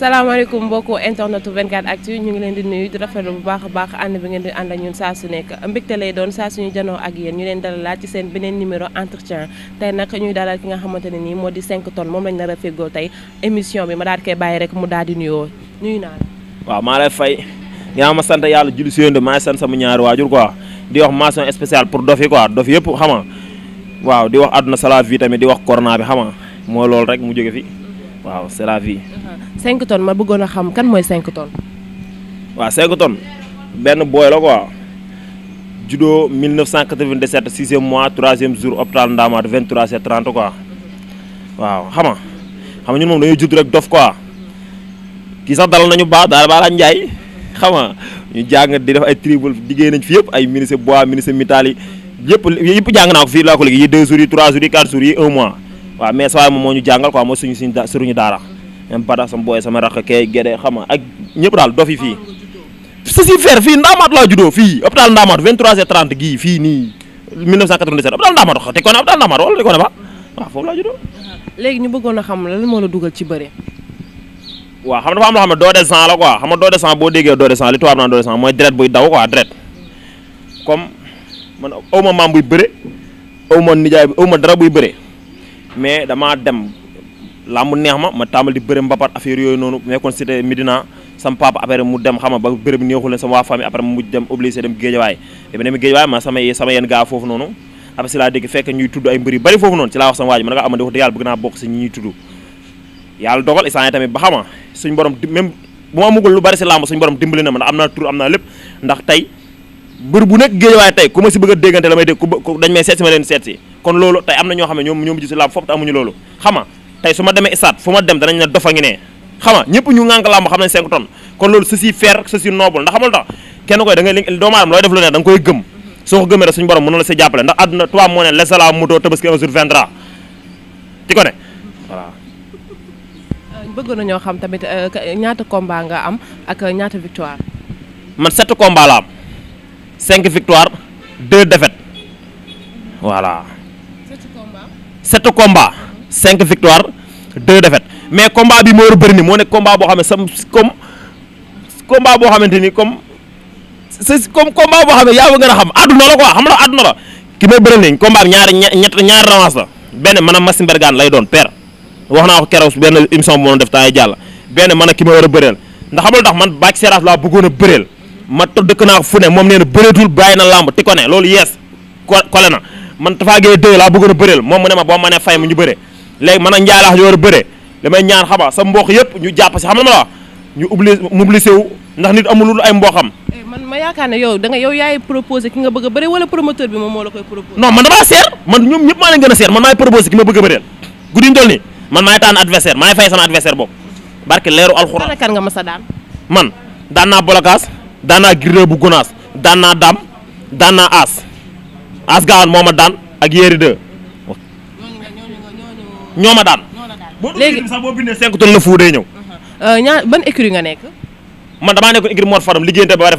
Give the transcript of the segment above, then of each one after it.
salaamaaleykum mbokku internetu 24 actu ñu ngi leen di nuyu di bu baax a baax ànd bi ngeen di ànd ak ñun saa su nekk mbégte lay doon saa suñu janoo ak yéen ñu leen dalalaat ci seen beneen numéro entretien tey nag ñuy dalal ki nga xamante ne nii moo di 5 tonnes moom lañ nar a feggoo tey émission bi ma daal di koy bàyyi rek mu daal di nuyoo nuyu naa la. waaw maa lay fay nga ma sant yàlla julli si yéen maa ngi sama ñaari waajur quoi di wax mention spéciale pour dof yi quoi dof yëpp xam waaw di wax àdduna c'est la vie tamit di wax corona bi xam nga mooy loolu rek mu jóge fi waaw c'est la cinq tonnes ma bëggoon a xam kan mooy 5 tonnes. waaw 5 tonnes benn booy la quoi judo 1997 sixième mois troisième jour hôpital Ndamaat 23 et 30 quoi waaw xam nga xam nga ñun moom dañuy judd rek dof quoi kii sax dalal nañu baax daal baax njaay xam ñu jàng di def ay tribal liggéey nañ fi yëpp ay ministre bois ministre mitaali yëpp yëpp jàng naa ko fii laa ko léegi yi 2 jours yi 3 jours yi 4 mois waaw mais saa moom moo ñu jàngal quoi mooy suñu suñu même bada sama booy sama rakk kee gede xam ak ñëpp daal dofi fii su si fer fii ndaamaat laa juddoo fii hôpital ndaamaat 23h30 gii fii nii 1997 hôpital ndaamaat te kon hôpital ndaamaat wala te kon ba waaw foofu laa juddoo. léegi ñu bëggoon a xam lan moo la dugal ci bëre. waa xam dafa am loo xam ne doo de sang la quoi xam nga don de sang boo déggee don de sang li tubaab naan don de buy daw quoi deret comme man aw ma maam buy bëre aw ma nijaay aw ma dara buy bëre mais damaa dem. làmb neex ma ma tàmbal di bëre mbapat affaire yooyu noonu nekkoon cité Médina sama papa après mu dem xam ba bëre bi sama waa famille après mu dem obligé ne ko amandi ah, wax dëgg a seet si ma leen seet si kon loolu tey am na ñoo xam ne ñoo mujj si làmb foofu te amuñu loolu xama tey su ma demee isaat fu ma dem danañ ne a ngi ne xam nga ñëpp ñu ngànk làmb xam ne 5 tonnes kon loolu ceci faire ceci noble ndax xamal tax kenn koy da ngay li doomu aadama looy def lu ne da nga koy gëm soo ko gëmee rek suñu borom mën na la si jàppale ndax àdduna toi moo ne lesala moto tabaski un jour viendra ci ko ne voilà euh, bëgg nañoo xam tamit euh, ñaata combat nga am ak ñaata victoire man set combat la am cinq victoire deux défaites voilà sept combat cinq victoire deux defet mais combat bi moo war a bëri ni moo nekk combat boo xam ne sam comme combat boo xamante ni comme c'est comme combat boo xam ne yaa ba gën a xam àdduna la quoi xam la àdduna la ki may bëri nañ combat bi ñett ñaari revanche la benn man a Massi Mbergane lay doon père wax naa ko keroog benn émission bu ma doon def temps yi jàll benn man a ki ma a bëreel ndax man bàcc seeraas a bëreel ma to dëkk naa ko ne moom nee na bëreetul na làmb ti ko loolu yees kole na man Tafa Gueye 2 laa bëggoon a bëreel moom mu ne ma boo ma ne fay mu ñu bëree léegi man a njaalaax ñu war a bëre damay ñaan xama sa mbokk yëpp ñu jàpp si xam na ma la ñu ubli mobilisé wu ndax nit amul lu ay mbokam eh, man ma yaakaar ne yow da nga yow yaay proposé ki nga bëgg a bëre wala promoteur bi moom moo la koy proposé non man damaa seer man ñoom ñëpp maa leen gën a seer man maay proposé ki ma bëgg a bëreel guddi ñu toll ni man maay tànn adversaire maay fay sama adversaire boobu barke leeru alxuraan a daan man daan naa bolokaas daan naa bu gonaas daan naa dam daan naa aas aas moo ma daan ak yéeri deux ñoo ma daan. léegi sax boo bindee 5 tonnes la fu day ñëw. Euh, ñaar ban écurie nga nekk. man damaa nekkoon écurie Mor Fadam liggéeyante ba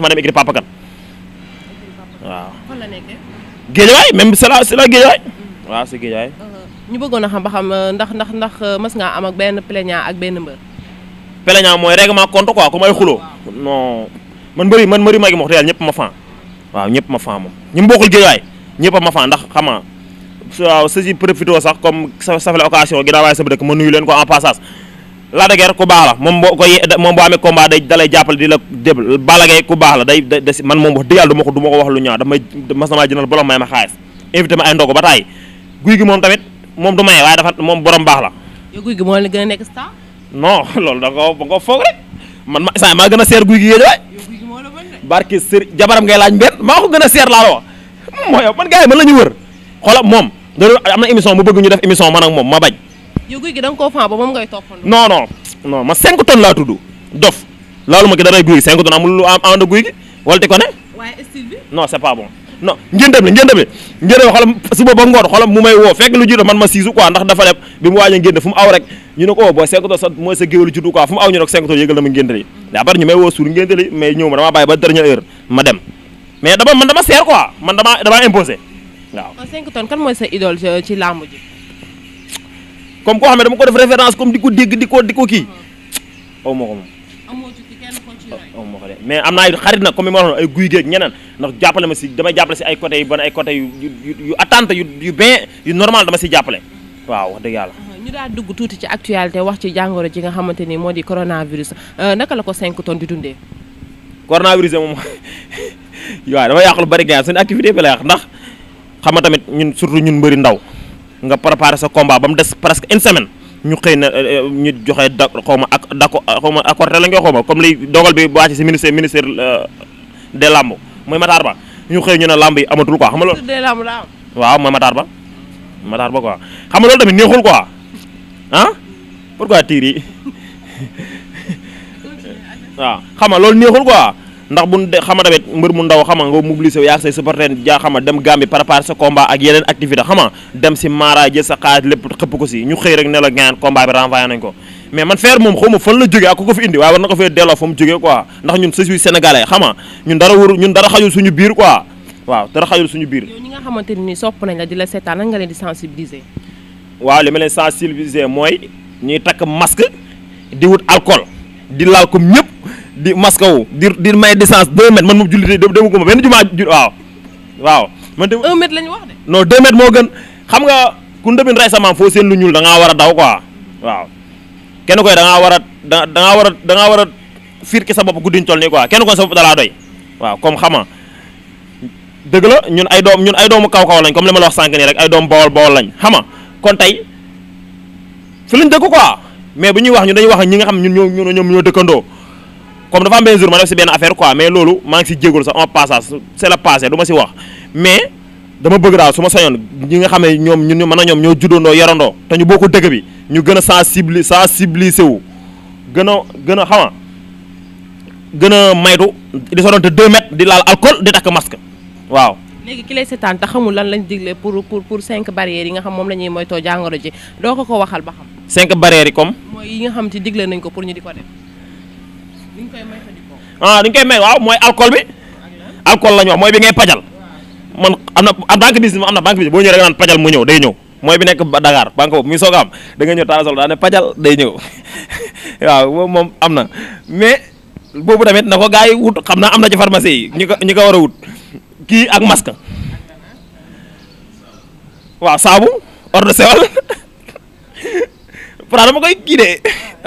euh, ñu bëggoon a xam ba xam euh, ndax ndax ndax mas ngaa am ak benn plaignant ak benn mbër. plaignant mooy règlement compte quoi comme ay xuloo. non man mbëri man mbëri maa ngi wax dëgg ma faan. waaw ñëpp ma faan moom ma faan ndax xam waaw sa si profité sax comme sa sa la occasion ginnaaw waaye sama dëkk ma nuyu leen ko en passage. Lac de ku baax la moom boo koy moom boo amee combat day dalay jàppale ku baax la day man moom wax dëgg ma ko du ko wax lu ñaaw damay mas na maa jëndal borom may ma xaalis invité ma ay ndogu ba taay la. yow guy a nekk star. non loolu da nga ko man ma saa maa gën a seer guy gi yéen waay. yow jabaram ngay laaj benn maa ko gën a seer laa la wax mooy yow man gars yi la ñu wër xoolal moom da am na émission mu bëgg ñu def émission man ak moom ma bañ. yow guy gi ma 5 tonnes laa tudd dof loolu ma ki da ray guy 5 tonnes amul am ànd guy gi wala di ko ne. waaye style bi. non c'est pas bon non njëndam la njëndam la njëndam xolam suba ba mu may woo fekk lu jiitu man ma siisu quoi ndax dafa dem bi mu waaj a ngénte fu aw rek ñu ne ko oh, booy 5 tonnes sa mooy sa géwélu juddu quoi fu mu aw ñu ne ko 5 tonnes na ma ngénte li ñu may woo suur ngénte mais ñëw ma waaw. cinq 5 tonnes kan mooy sa idole ci làmb ji. comme koo xam ne dama ko def référence comme di ko dégg di ko di ko kii. Uh-huh. aw ma ko moom. amoo ci mais am naa yi xarit na comme ni ma waxoon ay guy geeg ñeneen ndax jàppale ma si damay jàppale si ay côté yu ban ay côté yu yu yu attente yu yu bien yu normal dama si jàppale. waaw wax dëgg yàlla. Uh-huh. ñu daal dugg tuuti ci actualité wax ci jàngoro ji nga xamante ni moo di coronavirus uh, naka la ko cinq tonnes di dundee. coronavirus moom waaw dama yàq lu bari gars activité la yàq ndax. xam nga tamit ñun surtout ñun mbari ndaw nga préparer sa combat ba mu des presque in semaine ñu xëy na euh, euh, ñu joxe da xaw ak d' accord xaw ma accordé la nga comme li dogal bi wàcc si ministère ministère euh, des làmb mooy Matar Ba ñu xëy ñu na làmb yi amatul quoi xam nga loolu. des làmb la waaw mooy Matar Ba Matar xam nga loolu tamit neexul quoi ah yi waaw xam nga loolu neexul quoi. ndax bu xama tamit mbër mu ndaw xama nga mobilisé wu yaag say supporter jaa xama dem Gambie préparer sa combat ak yeneen activité xama dem si Mara sa xaalis lépp xëpp ko si ñu xëy rek ne la gaan combat bi renvoyé nañ ko mais man Fer moom xawma fan la jógee ak ku ko fi indi waaye war na ko fee delloo fa mu jógee quoi ndax ñun sësi sénégalais xama ñun dara wóoru ñun dara xajul suñu biir quoi waaw dara xajul suñu biir ñi nga xamante ni sopp nañ la di la seetaan nan nga leen di sensibiliser waaw li ma leen sensibiliser mooy ñuy takk masque di wut alcool ñëpp di maskaw di di may distance 2 mètres man moom jullit dama ko ma benn jumaa ju waaw waaw. man de 1 mètre la ñu wax de. non 2 mètres moo gën xam nga ku ndëmin rey sama foo seen lu ñuul da ngaa war a daw quoi waaw kenn koy da ngaa war a da da ngaa war a da ngaa war a fiir ki sa bopp guddi ñu toll nii quoi kenn koy sa bopp da laa doy waaw comme xama dëgg la ñun ay doom ñun ay doomu kaw kaw lañ comme li ma la wax sànq nii rek ay doom bawol bawol lañ xama kon tey fi lañ dëkk quoi mais bu ñuy wax ñun dañuy wax ñi nga xam ñun ñoo ñoo ñoom ñoo dëkkandoo. comme dafa am jour ma def si benn affaire quoi mais loolu maa ngi si jégalu sax en passage c'est le passé du ma si wax mais dama bëgg daal su ma sañoon ñi nga xam ne ñoom ñun mën a ñoom ñoo juddandoo yarandoo te ñu ko dëkk bi ñu gën a sensible sensibiliser wu gën a gën a xama gën a maytu di sorante deux mètres di laal alcool di takk masque waaw léegi ki lay seetaan te xamul lan lañ digle pour pour pour cinq barrières yi nga xam moom la ñuy moytoo jàngoro ji doo ko ko waxal ba xam cinq barrières yi comme yi nga xam ci digle nañ ko pour ñu di ko ah dañ koy may waaw mooy alcool bi alcool la ñu mooy bi ngay pajal man am na am ah, am na banque boo ñëwee rek naan pajal moo ñëw day ñëw mooy bi nekk Dakar banque boobu mi soog am da nga ñëw taal sol daa ne pajal day ñëw waaw moom am na mais boobu tamit na ko gars yi wut xam naa am na ci pharmacie yi ñi ko ñi ko war a wut kii ak masque waaw saabu ordre pourtant dama koy kii de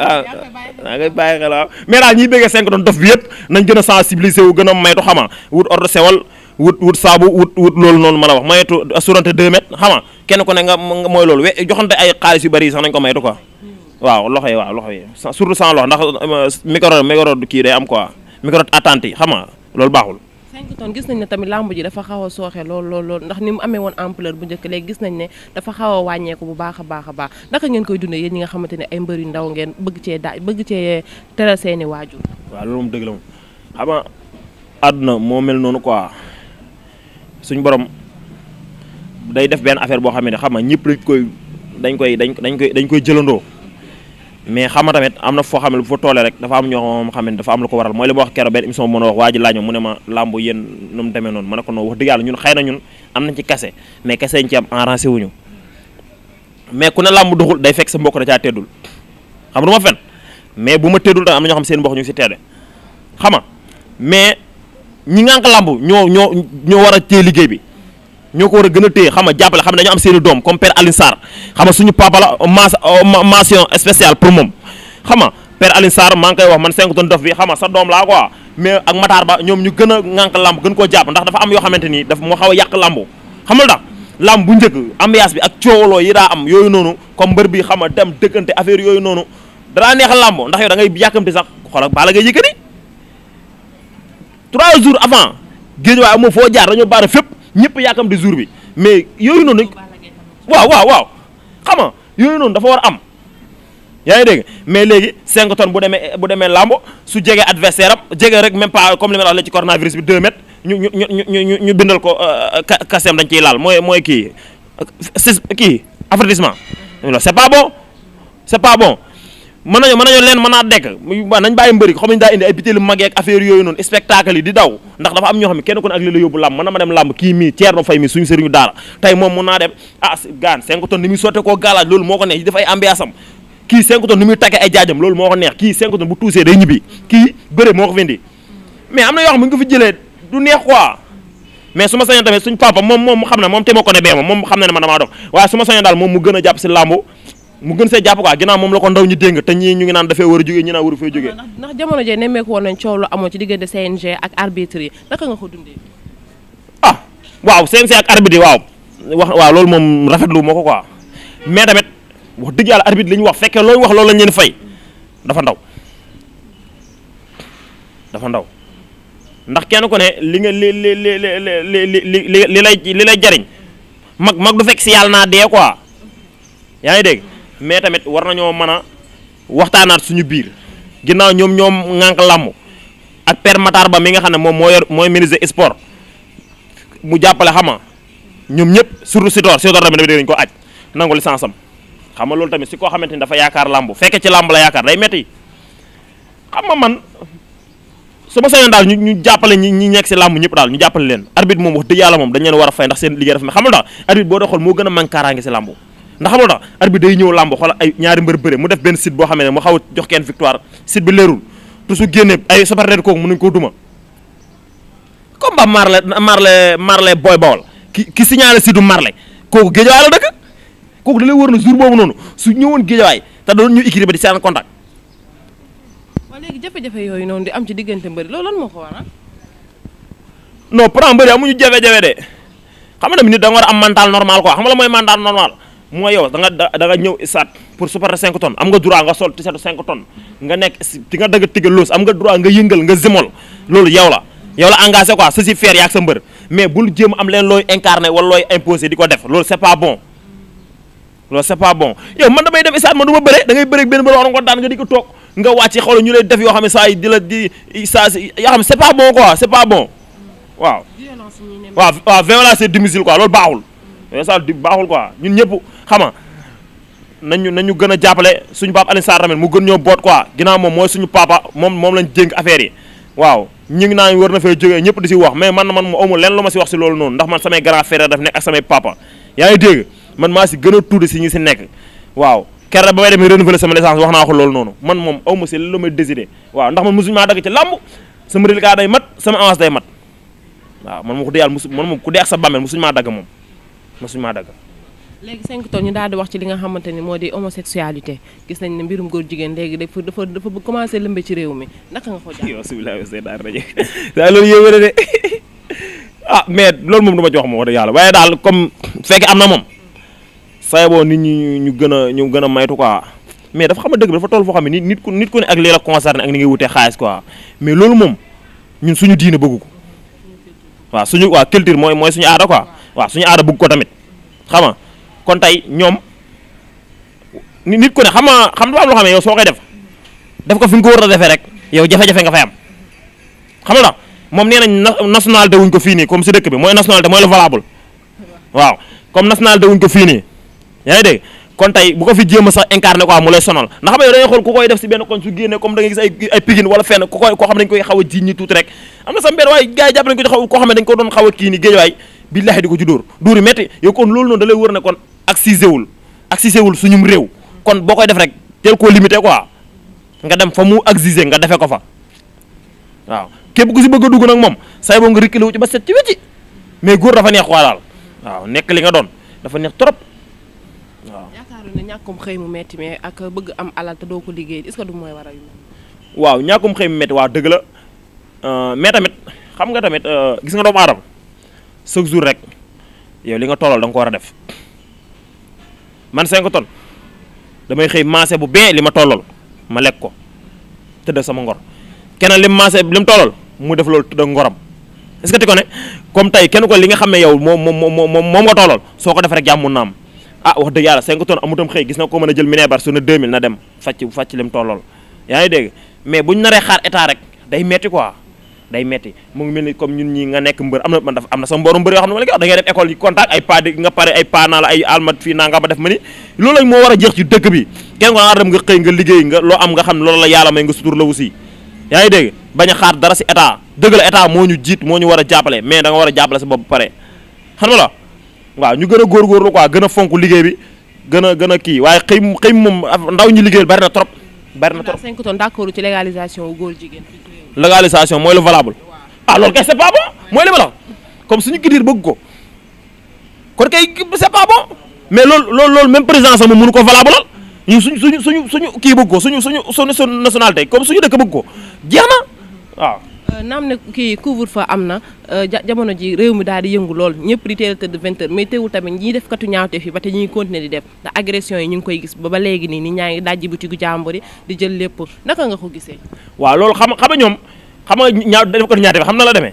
waaw ah, daa ngay bàyyi xel waaw mais daal ñiy bëggee 5 tonnes dof bi yëpp nañ gën a sensibiliser wu gën a maytu xama wut ordre sewal wut wut saabu wut wut loolu noonu ma la wax maytu assurante 2 mètres xama kenn ku ne nga mooy loolu we joxante ay xaalis yu bëri yi sax nañ ko maytu quoi waaw loxo yi waaw loxo yi surtout sans loxo ndax euh, micro micro kii day am quoi micro attente yi xama loolu baaxul 5 ton gis nañ ne tamit làmb ji dafa xaw a sooxe lool lool ndax ni mu amee woon ampleur bu njëkk léegi gis nañ ne dafa xaw a wàññeeku bu baax a baax a baax naka ngeen koy dundee yéen ñi nga xamante ne ay mbër yu ndaw ngeen bëgg cee daa bëgg cee teral seeni waajur waaw loolu moom dëgg la moom xam àdduna moo mel noonu quoi suñ borom day def benn affaire boo xam ne xam nga ñëpp dañ koy dañ koy dañ koy dañ koy jëlandoo mais xam nga tamit am na foo xam ne bu fa toolee rek dafa am ñoo moom xam ne dafa am lu ko waral mooy li ma wax keroog benn émission bu mën a wax waa ji laaj ne ma làmb yéen nu mu demee noonu ma ne ko noonu wax dëgg ñun xëy na ñun am nañ ci kase mais kase ñu ci am enrancé wuñu mais ku ne làmb doxul day fekk sa mbokk da caa teddul xam du ma fen mais bu ma teddul tam am na ñoo xam seen mbokk ñu si tedde xam nga mais ñi ngànk làmb ñoo ñoo ñoo war a téye liggéey bi ñoo ko war a gën a téye xam nga jàppale xam ne dañoo am seeni doom comme père Alioune Sarr xam nga suñu papa la euh, mention spéciale pour moom xam nga père Alioune Sarr maa ngi koy wax man 5 tonnes dof bi xam nga sa doom laa quoi mais ak Matar Ba ñoom ñu gën a ŋànk làmb gën koo jàpp ndax dafa am yoo xamante nii daf moo xaw a yàq làmb xam nga làmb bu njëkk ambiance bi ak coowaloo yi daa am yooyu noonu comme mbër bi xam nga dem dëkkante affaire yooyu noonu danaa neex làmb ndax yow da ngay yàkkamti sax xoolal baala ngay yëkkati trois jours avant géej waaye moom foo jaar dañoo baara fépp ñëpp yaakam di jour bi mais yooyu noonu dañ waaw waaw waaw xam yooyu noonu dafa war a am yaa dégg mais léegi cinq tonnes bu demee bu demee làmbo su jegee adversaire am jege rek meme pas comme li ma la wax léegi ci coronavirus bi 2 mètres ñu ñu ñu ñu ñu bindal ko euh, kasem dañ ciy laal mooy mooy kii euh, kii avertissement. Mm-hmm. c'est pas bon c'est pas bon. mën nañu mën nañu leen mën naa dekk nañ bàyyi mbëri xam nañ daa indi ay bitéelu magee ak affaire yooyu noonu spectacle yi di daw ndax dafa am ñoo xam ne ah, ko ne nga ma moom xam ne moom dox waaye su ma sañoon daal moom mu gën a jàpp si làmb mu gën see jàpp quoi ginnaaw moom la ko ndaw ñi dénk te ñii ñu ngi naan dafee war a jógee ñi naan waru fee jógee ndax jamono jee nemmeeku woon nañ coow lu amoon ci diggante CNG ak arbitre yi naka ah, waaw CNG ak arbitre yi waaw wax waaw loolu moom rafet rafetlu moo ko quoi mais tamit wax dëgg yàlla arbitre li ñu wax fekkee looy wax loolu lañ leen fay dafa ndaw dafa ndaw ndax kenn ku ne li nga li li li li li li li lay li lay jariñ mag mag du fekk si yàlla naa dee quoi yaa ngi dégg mais tamit war nañoo mën a waxtaanaat suñu biir ginnaaw ñoom ñoom ŋànk làmb ak père Matar ba mi nga xam ne moom mooy ministre sport mu jàppale xam nga ñoom ñëpp su Sitor Sitor tamit dafay dañ ko aj nangu licence am xam nga loolu tamit dafa yaakaar làmb fekke ci làmb la yaakaar day metti xam nga man su ma sañoon daal ñu jàppale ñi ñi si làmb ñëpp daal ñu jàppale leen arbitre moom wax dëgg yàlla moom dañ leen war a fay ndax seen liggéey dafa may xamul daal arbitre boo doxal moo gën a manque ndax xamul tax arbitre day ñëw làmb ay ñaari mbër bëre mu def benn site boo xam ne mu xaw a jox kenn victoire site bi leerul te su génnee ay supporter kooku mënuñ koo duma comme ba Marley Marley Marley ki ki signalé site du Marley kooku géejawaay la dëkk kooku da lay wër na jour boobu noonu su ñëwoon géejawaay te doon ñu écrire ba di seen contact. yooyu noonu di am ci diggante mbëri loolu lan moo ko waral. non pour am mbëri amuñu jafe-jafe de xam da nga a am mental normal quoi xam nga la mooy mental normal. mooy yow da nga da nga ñëw isaat pour supporter 5 tonnes am nga droit nga sol t-shirt 5 tonnes nga nekk di nga dëgg tigal loos am nga droit nga yëngal nga zimol loolu yow la yow la engagé quoi ceci faire yaag sa mbër mais bul jéem am leen looy incarné wala looy imposé di ko def loolu c'est pas bon loolu c'est pas bon yow man damay def isaat man du ma bëre da bëre benn bëre war nga ko daan nga di ko toog nga wàcc xool ñu lay def yoo xam ne saa la c'est pas bon baaxul yooyu Sall di baaxul quoi ñun ñëpp xam nga nañu nañu gën a jàppale suñu papa Alioune Sarr tamit mu gën ñoo boot quoi ginnaaw moom mooy suñu papa moom moom lañ jénk affaire yi waaw ñu ngi naan war na fee jógee ñëpp di si wax mais man man mu amul lenn ma si wax si loolu noonu ndax man samay grand frère daf nekk ak samay papa yaa ngi dégg si gën a tuuti si ñu si nekk waaw kerra ba may demee renouveler sama licence wax naa ko loolu noonu man moom aw ma si lu may décidé waaw ndax man mosuñu maa dagg ci làmb sama reliquat day mat sama avance day mat waaw man ma ku dee ak sa bàmmeel mosuñu maa dagg moom mosuñu maa dagg. léegi 5 tonnes ñu daal di wax ci li nga xamante ni moo di homosexualité gis nañ ne mbirum góor jigéen léegi dafa dafa dafa commencé lëmbe ci réew mi naka nga ko jàpp. yow subilaay wa ah, mais loolu moom du ma ci wax yàlla waaye daal comme fekk am na moom saa boo nit ñi ñu gën a ñu gën a maytu quoi mais dafa xam a dëgg bi dafa toll foo xam ne nit nit ku ni ku ne ak lii la concerné ak ni ngay wutee xaalis quoi mais loolu moom ñun suñu diine bëgg ko waaw suñu waaw culture mooy mooy suñu aada quoi waaw suñu aada bëgg ko tamit xam kon tey ñoom nit ko ne xam nga xam nga am loo xam yow soo koy def def ko fi nga ko war a defee rek yow jafe-jafe nga fay am xam nga moom nee nañ nationalité wuñ ko fii comme si dëkk bi mooy nationalité mooy le valable waaw comme nationalité wuñ ko fii nii yaa kon tey bu ko fi jéem a sax incarné quoi mu lay sonal ndax xam nga xool ku koy def si benn koñ su génne comme da nga gis ay ay pigin wala fenn ku koy koo xam a na sam benn waaye gars yi jàpp nañ ko xam ne ko doon xaw a kii ni géejawaay billahi di ko ci dóor dóor yu kon loolu noonu da lay ne kon ak siséwul ak siséwul suñum réew kon boo koy def rek teel koo limité quoi nga dem fa mu exigé nga defe ko fa waaw képp ku si bëgg a dugg nag moom say boo nga rikkiliwu ci ba set ci wécci mais góor dafa neex quoi daal waaw nekk li nga doon dafa neex trop waaw yaakaaru ne ñàkkum xëy mu metti mais ak bëgg am alal te doo ko liggéey est-ce que du mooy waral yu waaw ñàkkum xëy mu metti waaw dëgg la euh, mais tamit xam nga tamit euh, gis nga doomu aadama chaque jour rek yow li nga tollal da nga ko war a def man 5 ton damay xëy maase bu bee li ma tollal ma lekk ko tëdd sama ngor keneen lim maase li mu tollal mu def loolu tëdd ngoram est-ce que ti ko ne comme tey kenn ko li nga xam ne yow moom moom moom moom nga tollal soo ko def rek jàmm ah wax dëgg yàlla 5 tonnes amutam xëy gis na ko mën a jël minebar su ne 2000 na dem fàcc fàcc lim tollool yaa ngi dégg mais buñ naree xaar état rek day metti quoi day metti mu ngi mel ni comme ñun ñi nga nekk mbër am na man dafa am na sa mbooru mbër yoo xam ne ma la ah, def ma ni loolu lañ moo war a jeex ci dëkk bi kenn ko naa dem nga xëy nga liggéey nga loo am nga xam loolu la yàlla may nga sutur la aussi yaa ngi dégg bañ a xaar dara si état dëgg la moo ñu jiit moo ñu war a jàppale mais da nga war a jàppale sa bopp pare xam nga la waaw ñu gën a ko a gën a fonk liggéey bi gën a gën a kii waaye xëy xëy moom ndaw ñu liggéeyal bari na trop bari na trop 5 tonnes d'accord ci légalisation góor jigéen légalisation mooy lu valable a ah, loolu kay c'est pas bon mooy li ma la comme suñu culture bëgg ko kon kay c'est pas bon mais lool loolu loolu même président sax moom mënu ko valable lal ñu suñ suñu suñu suñu kii bëgg ko suñu suñu suñu nationalité comme suñu dëkk bëgg ko jeex na waaw ah. Euh, naam ne kii couvre fa am na euh, jamono ji réew mi daal di yëngu lool ñëpp di teel a tëdd vingt heures mais teewul tamit ñiy def katu ñaawteef yi ba te ñi ngi di def ndax agression yi ñu ngi koy gis ba ba léegi nii ni ñaa ngi dajji butigu jàmbur di jël lépp naka nga ko gisee waaw loolu xam xam nga ñoom xam nga ñaaw def katu ñaawteef xam na la demee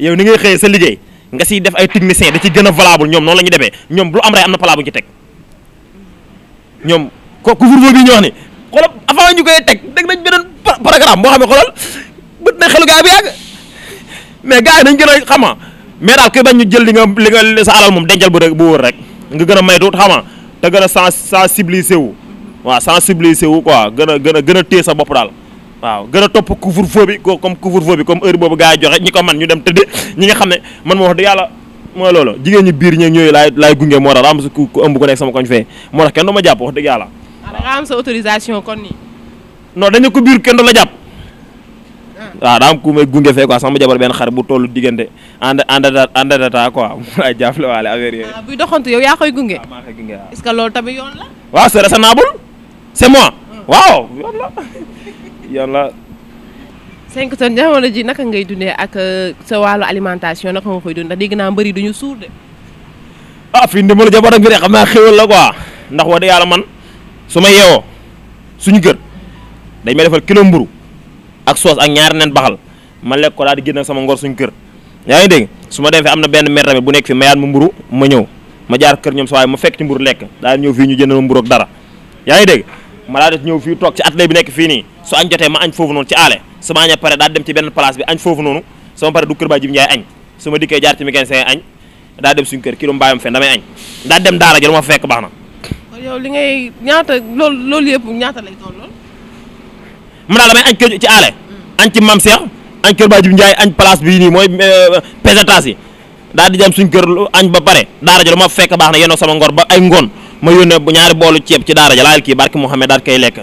yow ni ngay xëyee sa liggéey nga siy def ay technicien da ci gën a valable ñoom noonu la demee ñoom bu am rey am na pala bu ñu ci teg ñoom ko couvre-feu bi ñu wax day xelu gars yi bu yàgg mais gars yi dañ gën a xama mais daal kuy bañ ñu jël li nga li nga sa alal moom dencal bu rek bu wóor rek nga gën a maytu xama te gën a sens sensibiliser wu waaw sensibiliser wu quoi gën a gën gën a téye sa bopp daal waaw gën a topp couvre-feu bi ko comme couvre-feu bi comme heure boobu gars yi joxe ñi ko man ñu dem tëdd ñi nga xam ne man moo wax dëgg yàlla biir ñeeg ñooyu laay laay gunge moo tax am ku ëmb ko nekk sama koñ fee moo tax kenn du wax dëgg yàlla. waaw ah, da am sa autorisation kon nii. non dañu ko biir kenn du la jàpp. waaw daa am ku may gunge fee quoi sama jabar benn xar bu tollu diggante ànd ànd data quoi ay jaafle waale ah, buy doxantu yow yaa koy gunge. Ah, waaw que loolu tamit yoon la. waaw c'est raisonnable c'est moi. Hmm. waaw yoon la yoon la. jamono ji naka ngay dundee ak euh, sa alimentation naka nga koy dund ndax dégg naa mbëri duñu suur de. ah fii ndimbalu jabar ak xam naa xéwal la quoi ndax wax dëgg yàlla man su yeewoo suñu kër dañ may defal kilo mburu ak soos ak ñaari nen baxal ma lekk ko daal di génn sama ngor suñ kër yaa ngi dégg su ma dem fi am na benn mer bu nekk fi mayaat ma mburu ma ñëw ma jaar kër ñoom sa waaye ma fekk ci lekk daal ñëw fii ñu jënd ma mburu yaa ngi dégg ma daal di ñëw fii toog ci atelier bi nekk fii nii su añ jotee ma añ foofu noonu ci aale su ma añee pare daal dem ci benn place bi añ foofu noonu sama pare du kër baa jib njaay añ su ma dikkee jaar ci mécanicien añ daal dem suñ kër kii du mbaayam fen damay añ daal dem daara jël ma fekk baax na yow li ngay ñaata loolu loolu yëpp ñaata lay toll mu daal damay añ kër ci aale añ ci añ kër Baajib bii nii mooy euh, pesetas yi daal di dem suñ kër añ ba pare daara ja lu ma fekk baax na yenoo sama ngor ba ay ngoon ma yónnee bu ñaari boolu ceeb ci daara ja laayal kii barki Mouhamed daal koy lekk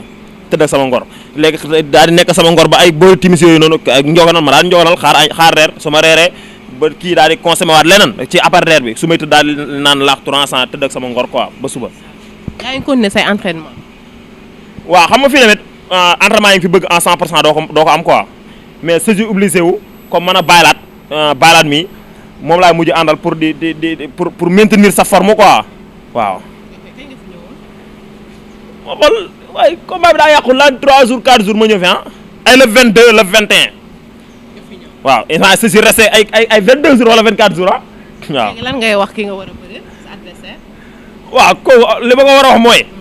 tëdd ak sama ngor léegi daal di nekk sama ngor ba ay boolu timis yooyu noonu njoganal ma daal di njoganal xaar añ xaar su ma reeree ba kii daal di leneen ci après reer bi su may tëdd daal di naan laax 300 tëdd ak sama ngor quoi ba suba yaa ngi Euh, entraînement yi fi bëgg en 100 pour cent doo ko am quoi mais su obligé wu comme mën a baylaat euh, baylaat mi moom laa mujj àndal pour di di di pour pour maintenir sa forme quoi waaw. ma xool waaye combat bi daa yàqu la 3 jours 4 jours ma ñëw fi ah. ay le 22 le 21. waaw instant su si resté ay ay ay 22 jours wala 24 jours ah. waaw lan wax ki nga war a ko war a wax mooy.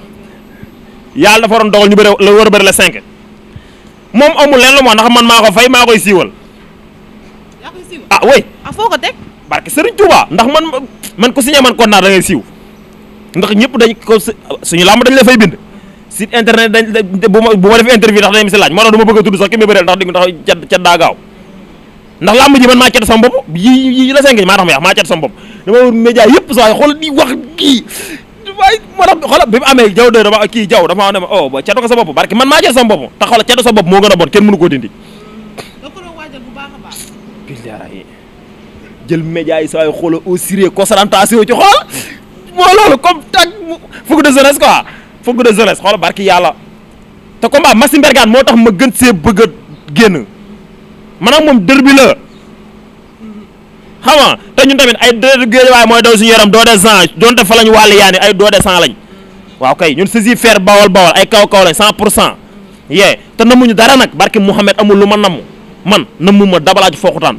yàlla dafa waroon dogal ñu bëri la war a bëri la cinq moom amul leen lu ma wax ndax man maa ko fay maa koy siiwal. yaa a siiwal ah oui. Ah, ko teg. barke Serigne Touba ndax man man ku signé man kon naa da ngay siiw ndax ñëpp dañ ko suñu làmb dañ la fay bind. site internet dañ bu ma bu ma interview ndax dañ mi si laaj moo tax du ma bëgg a tudd sax ki muy bëreel ndax dig ndax cat cat daa gaaw ndax làmb ji man maa cat sama bopp yi yi la cinq maa tax ma yàq maa cat sama bopp dama wër média yëpp saa yi xool di waaye moo tax xoolal bi mu amee jaw de dama kii jaw ne ma oh ba catu ko sa bopp barke man maa jël sama bopp te xoolal catu moo gën a bon kenn mënu koo dindi. nga ko doon waajal bu baax a baax. billahi jël média yi saa xool moo loolu comme tag fougue de jeunesse quoi fougue de jeunesse xoolal barke yàlla te combat Massi Mbergane moo tax ma gën see bëgg a génn moom dër bi xam te ñun tamit ay déedéet géejawaay mooy daw suñu yaram doo de sang donte fa lañ wàll yaani ay doo de sang lañ waaw kay ñun saisi faire bawal bawal ay kaw kaw lañ cent pour cent yee te namuñu dara nag barke Mouhamed amul lu ma namu man namu ma dabalaaj fooxutaan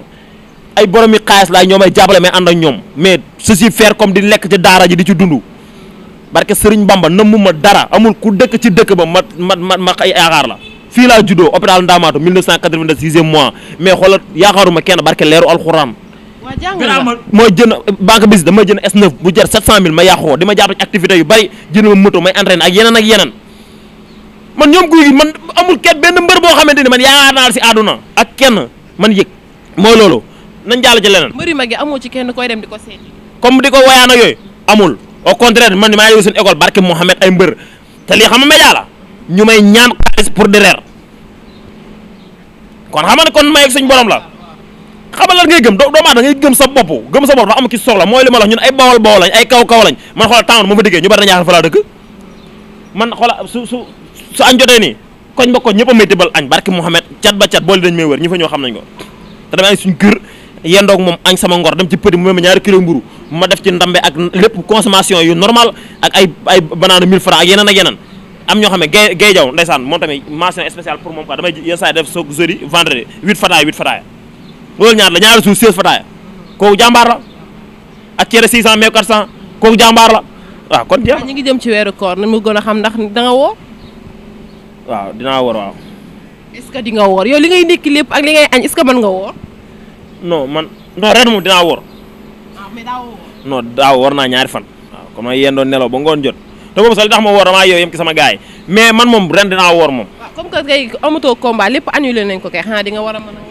ay borom yi xaalis laay ñoom ay jàppale mais ànd ak ñoom mais saisi faire comme di lekk ci daara ji di ci dund barke Serigne Bamba namu ma dara amul ku dëkk ci dëkk ba ma ma ma ma ay yaakaar la fii laa juddoo e mois mais xoolal yaakaaruma kenn barke leeru alxuraan ma moo jënd banque bis jën jënd S9 bu jar 700000 ma yàqu ko di ma jàpp ci activité yu bari jënd ma moto may entraîné ak yeneen ak yeneen man ñoom guy man amul kenn benn mbër boo xamante ni man yaakaar naa si àdduna ak kenn man yëg mooy loolu nañ jàll ci leneen. mbëri mag yi amoo ci kenn koy dem di ko seeti. comme di ko woyaan ak yooyu amul au contraire man maa ngi suñu école barke Mouhamed ay mbër te lii xam nga média la ñu may ñaan xaalis pour de reer kon xam nga kon may ak suñ borom la. xamal lan ngay gëm doomu aadama ngay gëm sa bopp gëm sa bopp dafa am ki soxla mooy li ma la ñun ay bawal bawal lañ ay kaw kaw lañ man xoolal temps ma fa dëggee ñu bari na ñaaxal fa laa dëkk man xoolal su su su añ jotee nii koñ ba koñ ñëpp a may tëbal añ barki Mouhamed cat ba cat boole dañ may wër ñi fa ñoo xam nañ ko te damay añ suñ kër yendoog moom añ sama ngor dem ci pëti mu ma ñaari kilo mburu ma def ci ndambe ak lépp consommation yu normal ak ay ay banaana 1000 francs ak yeneen ak yeneen am ñoo xam ne gay gay jaw ndeysaan moom tamit mention spéciale pour moom quoi damay yenn saa def soog jeudi vendredi 8 fataay 8 fataay loolu ñaar la ñaari suuf sées fataaya kooku jàmbaar la ak cere 600 mais 400 kooku jàmbaar la waaw kon jeex ñu ngi jëm ci weeru koor nañ mu gën a xam ndax da nga woor waaw dinaa woor waaw est-ce que di nga woor yow li ngay ndékki lépp ak li ngay añ est-ce que mën nga woor non man non ren moom dinaa woor ah, non daaw woor naa ñaari fan waaw comme ay yéen doon nelaw ba ngoon jot te boobu sax li tax ma woor damaa yow yem ki sama gars yi mais man moom ren dinaa woor moom ah, comme que kay amatoo combat lépp annulé nañ ko kay xanaa di nga war a mën a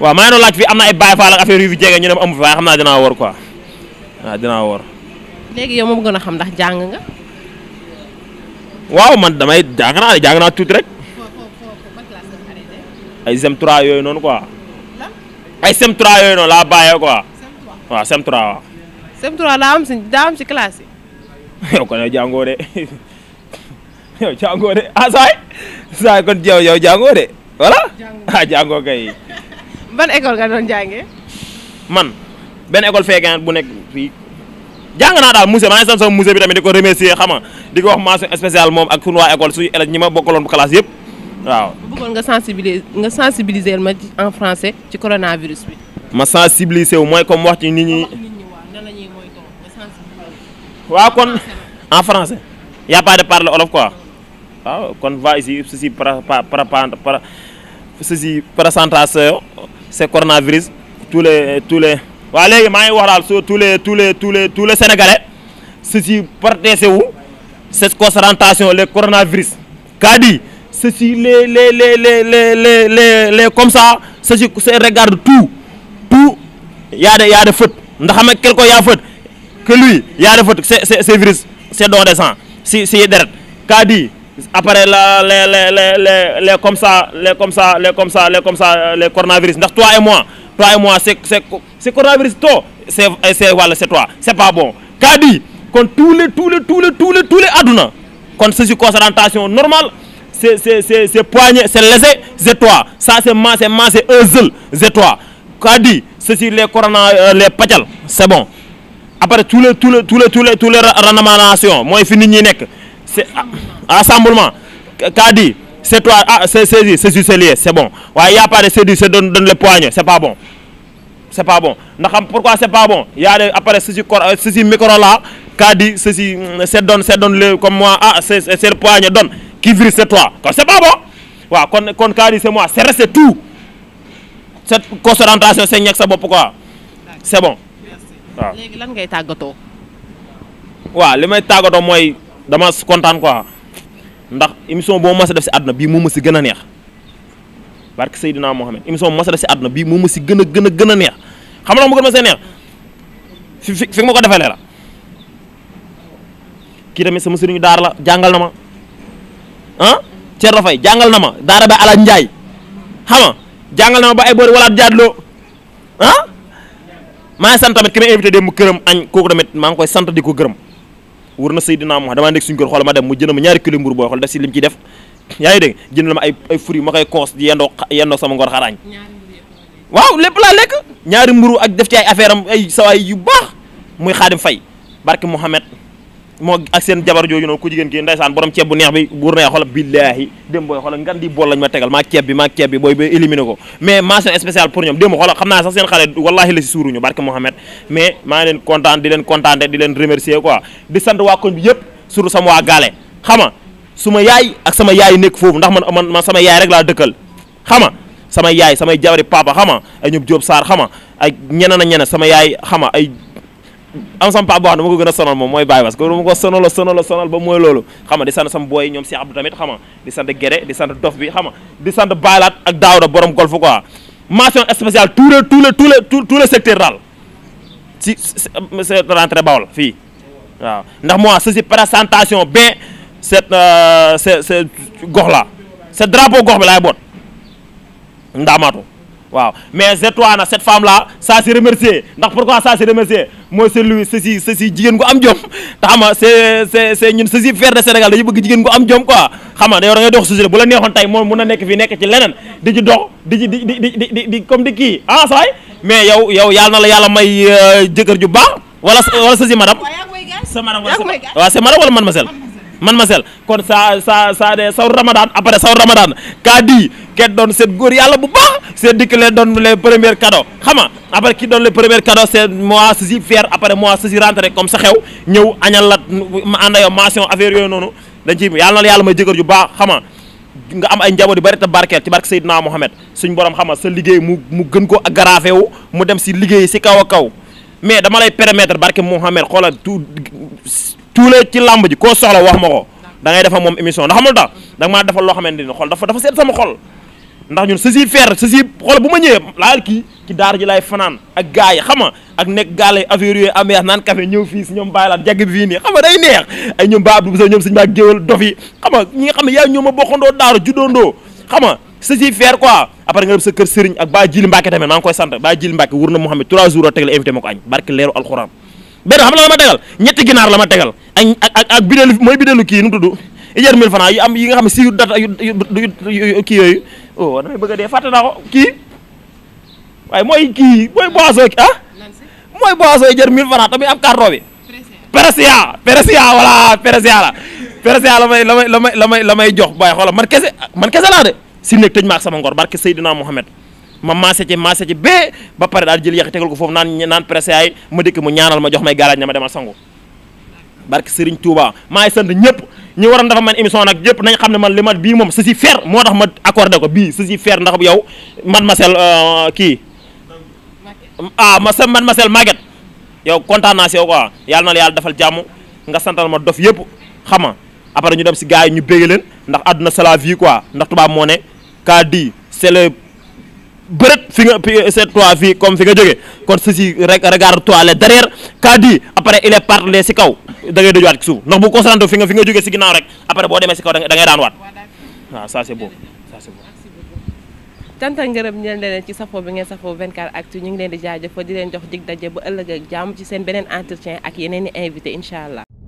waaw maa ngi doon laaj fii am na ay Baye Fall ak affaire yu fi jege ñu ne amu fi waaye xam naa dinaa wor quoi waaw dinaa wor. léegi yow moom gën a xam ndax jàng man damay jàng naa jàng yooyu noonu quoi. ay sem 3 yooyu noonu laa bàyyee yow kon yow jàngoo de yow jàngoo de ah ban école nga doon jàngee. man benn école Fegane bu nekk fii jàng naa daal musée maa ngi sant sama musée bi tamit di ko remercier xam nga di ko wax mention spéciale moom ak sunu waa école suñu élèves nga sensibiliser ma en français ci coronavirus bi. ma sensibiliser wu mooy comme wax ci nit ñi. waaw kon en français y a pas de parler waaw kon va ici ceci para para para ceci présentation c'est coronavirus tous les tous les waaw léegi maa ngi wax daal sur les tous les tous les tous les sénégalais ceci partagé wu cette concentration les coronavirus kaa di ceci les les les les les les les comme ça ceci c'est regarde tout tout yaa de yaa de fët ndax xam nga quelque yaa fët que lui yaa de fët c'est c'est virus c'est don de sang si si deret kaa après la les les les les les comme ça les comme ça le comme ça les comme ça les coronavirus ndax toi et moi toi et moi c'est c'est c'est coronavirus toi c'est c'est walla c'est toi c'est pas bon kaa kon tous les tous les tous les tous les tous kon c'est une concentration normale c'est c'est c'est c'est poigné c'est laissé c'est toi ça c'est ma c'est ma c'est un seul c'est toi kaa di ceci les corona euh, les pacal c'est bon après tous les tous les tous les tous les tous les ranamanations mooy fi nit ñi nekk c'est assemblement qu'a dit c'est toi ah c'est saisi c'est lié c'est bon waaye y a pas de saisi c'est le poignet c'est pas bon c'est pas bon ndax xam pourquoi c'est pas bon y a des après ceci cor ceci euh, micro là qu'a dit ceci mm, c'est donne c'est donne le comme moi ah c'est c'est le poignet donne qui vire kon c'est pas bon waaw kon kon qu'a dit c'est moi c'est resté tout cette concentration c'est ñeg sa bopp quoi c'est bon waaw léegi lan ngay tàggatoo waaw li may tàggatoo mooy dama kontaan quoi ndax émission boo mës a si àdduna bii moo ma si gën a neex barke Seydina Mohamed émission boo mës a def si àdduna bii moom ma si gën a gën a gën a neex xam nga mu gën ma see neex fi fi fi ma ko defalee la kii tamit sama sëriñu daara la jàngal na ma ah Thierno jàngal na ma daara ba Alane Ndiaye xam nga jàngal na ma ba ay boori walaat jaadloo ah maa ngi sant tamit ma invité démb këram añ maa ngi koy sant di ko gërëm. wër na Seydina Muhammad damaa nekk suñu kër xool ma dem mu jënd ma ñaari kilo mburu booy xool def si lim ci def yaa ngi dégg jënd la ma ay ay fruits ma koy yendoo yendoo sama ngor xaraañ waaw lépp laa lekk ñaari mburu ak def ci ay affaire ay sawaay yu baax muy Xaadim Fay barke Mouhamed moo ak seen jabar jooju noonu ku jigéen kii ndaysaan borom ceeb bu neex bi buur neex xoolal billaahi dem booy xoolal ngan di bool lañ ma tegal maag ceeb bi maag ceeb bi booy ba éliminé ko mais mention spéciale pour ñoom démb xoolal xam naa sax seen xale wallaahi la si suuruñu barke Mohamed mais maa leen kontaan di leen kontaante di leen remercier quoi di sant waa koñ bi yëpp surtout sama waa gaale xama suma yaay ak sama yaay nekk foofu ndax man man sama yaay rek laa dëkkal xama sama yaay samay jabari papa xama ay ñoom Diop Sarr xama ay ñeneen a ñeneen sama yaay xama ay am sama paa boo xam ne dama ko gën a sonal moom mooy Baye Bass ko dama ko sonal sonal sonal ba mooy loolu xam nga di booy ñoom si Abdou tamit xam nga di sant Dof bi xam nga di sant Baylaat ak Daouda borom golf quoi mention spéciale tout le tout le tout le tout le daal si euh, cette rentrée Bawol fii gox la ce drapeau gox bi laay boot ndaamaatu waaw mais Zetoana cette femme là ça c'est remercié ndax pourquoi ça c'est remercié mooy c'est lui ceci ceci jigéen gu am jom te xam nga c'est c'est ñun ceci faire de Sénégal dañu bëgg jigéen gu am jom quoi xam nga yow da ngay dox société bu la neexoon tey moom mun na nekk fii nekk ci leneen di ci dox di di di di di comme di kii ah saay mais yow yow yàlla na la yàlla may euh, jëkkër ju baax wala wala ceci madame sa madame wala waaw c'est madame wala man ma sel kon sa sa sa de saw ramadan après saw ramadan ka di ket doon seet góor yàlla bu baax seet dikk leen doon les premiers cadeaux xam nga après ki doon les premiers cadeaux c'est moi ceci faire après moi ceci rentrer comme sa xew ñëw añal la ma ànda yow mention affaire yooyu noonu dañ ci yàlla na yàlla may jëkkër ju baax xam nga am ay njaboot yu bari te barkeel ci barke Seydina Mohamed suñ borom xam nga sa liggéey mu mu gën ko aggravé wu mu dem si liggéey si kaw a kaw mais dama lay permettre barke Mohamed xoolal tout cuulee ci làmb ji koo soxla wax ma ko da ngay moom émission ndax xamul tax da nga maa defal loo xamante ni xol dafa dafa seet sama xol ndax ñun sasi fer sasi xol bu ma ñëwee laal kii ci daar ji lay fanaan ak gars yi xam nga ak nekk galle affaire yooyu ameex naan ñoom xam nga day neex ay ñoom ba abdu bu sa ñoom suñu baa géwal dof yi xam nga ñi nga xam ne yaay ñoom ma sasi fer quoi après nga dem sa sëriñ ak baa jili mbàkke tamit maa ngi koy sant baa jili mbàkke wur na Mouhamed trois jours a tegal invité ko añ barki leeru alxuraan benn ginaar la ma tegal añ ak ak ak bideelu mooy bideelu kii nu mu ijar mille francs yu am yi nga xam ne si yu data yu kii yooyu oh damay bëgg a dee fàtte naa kii waaye mooy kii mooy boisson ah mooy boisson ijar mille francs tamit am carton bi. Persia Persia voilà Persia la Persia la may la may la la may la may jox waaye xoolal man kese man kese laa de si nekk tëj ma ak sama ngor barke Seydina Mohamed ma maase ci maase ci bee ba pare daal jël yàq tegal ko foofu naan naan Persia yi ma dëkk mu ñaanal ma jox may galaaj na ma demal sangu. barke Serigne Touba maa ngi sant ñëpp ñu waroon dafa man émission nag ñëpp nañ xam ne ma limat ma bii moom su si fer moo tax ma accordé ko bii su si fer ndax yow man ma sel euh, kii ah ma sa man ma sel Maguette yow kontaan naa si yàlla na la yàlla defal jàmm nga santal ma dof yëpp xam nga après ñu dem si gars yi ñu bége leen ndax àdduna c'est la vie quoi ndax tubaab moo ne kaa di c'est le bërët fi nga cette fois fii comme fi nga jógee kon ceci rek regarde toi le derrière ka di après il est parti si kaw da ngay dëjuwaat ci suuf ndax bu concentré fi nga fi nga si ginnaaw rek après boo demee si kaw da ngay daan waat waaw ah, ça c'est beau ça c'est beau cant ak ngërëm ñeel leen ci safoo bi ngeen safoo 24 actu ñu ngi leen di jaajëfal di leen jox dig daje bu ëllëg ak jàmm ci seen beneen entretien ak yeneen i invité incha allah.